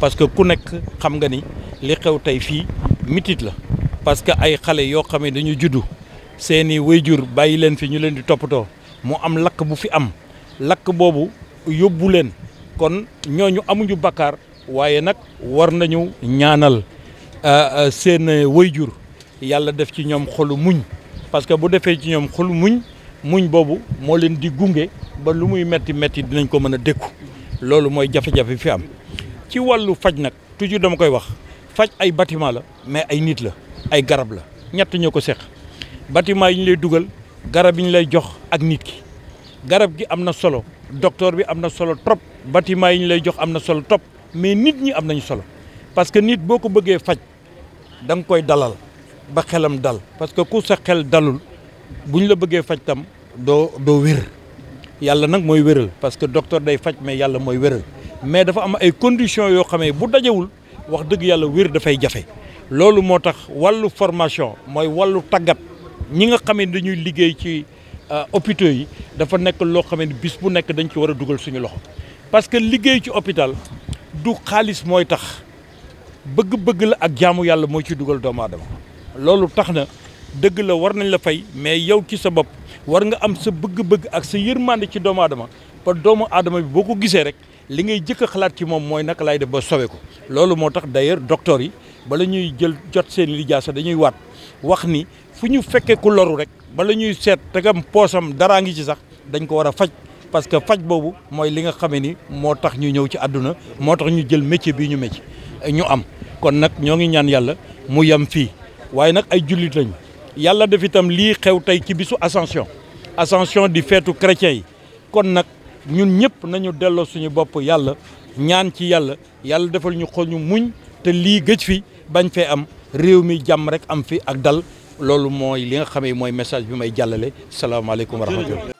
parce que ku nekk xam nga ni li xew tey fii mitit la parce que ay xale yoo xam ne dañu juddu seeni wayjur bàyyi leen fi ñu leen di toppatoo mu am lakk bu fi am lakk boobu yóbbu leen kon ñooñu amuñu bakkaar waaye nag war nañu ñaanal euh, euh, seen wayjur yàlla def ci ñoom xolu muñ parce que bu defee ci ñoom xolu muñ muñ boobu moo leen di gunge ba lu muy metti metti dinañ ko mën a dékku loolu mooy jafe-jafe fi am ci wàllu faj nag toujours dama koy wax faj ay bâtiment la mais ay nit la ay garab la ñett ñoo ko seq bâtiment yi ñu lay dugal garab yi ñu lay jox ak nit ki garab gi am na solo docteur bi am na solo trop bâtiment yi ñu lay jox am na solo trop mais nit ñi am nañu solo parce que nit boo ko bëggee faj da nga koy dalal ba xelam dal parce que ku sa xel dalul bu ñu la bëggee faj tam doo doo wér yàlla nag mooy wéral parce que docteur day faj mais yàlla mooy wéral mais dafa am ay conditions yoo xamee bu dajewul wax dëgg yàlla wér dafay jafe loolu moo tax wàllu formation mooy wàllu tàggat ñi nga xam ne dañuy liggéey ci euh, hôpitaux yi dafa nekk loo xam ne bis bu nekk dañ ci war a dugal suñu loxo parce que liggéey ci hôpital du xaalis mooy tax bëgg-bëgg la ak jaamu yàlla moo ci dugal doomu aadama loolu tax na dëgg la war nañ la fay mais yow ci sa bopp war nga am sa bëgg-bëgg ak sa yërmande ci doomu aadama ba doomu aadama bi boo ko gisee rek li ngay jëkk a xalaat ci moom mooy naka laay def ba sowe ko loolu moo tax d'ailleurs docteur yi bala ñuy jël jot seen lijaasa dañuy waat wax ni fu ñu fekkee ku loru rek bala ñuy seet tegam poosam daraa ngi ci sax dañ ko war a faj parce que faj boobu mooy li nga xamee ni moo tax ñu ñëw ci àdduna moo tax ñu jël métier bii ñu métier ñu am kon nag ñoo ngi ñaan yàlla mu yem fii waaye nag ay jullit lañu yàlla def itam lii xew tey ci bisu ascension ascension di feetu chrétien yi ñun ñëpp nañu delloo suñu bopp yàlla ñaan ci yàlla yàlla defal ñu xol ñu muñ te lii gëj fi bañ fee am réew mi jàmm rek am fi ak dal loolu mooy li nga xamee mooy message bi may jàllale salaamaaleykum wa rahmatulah.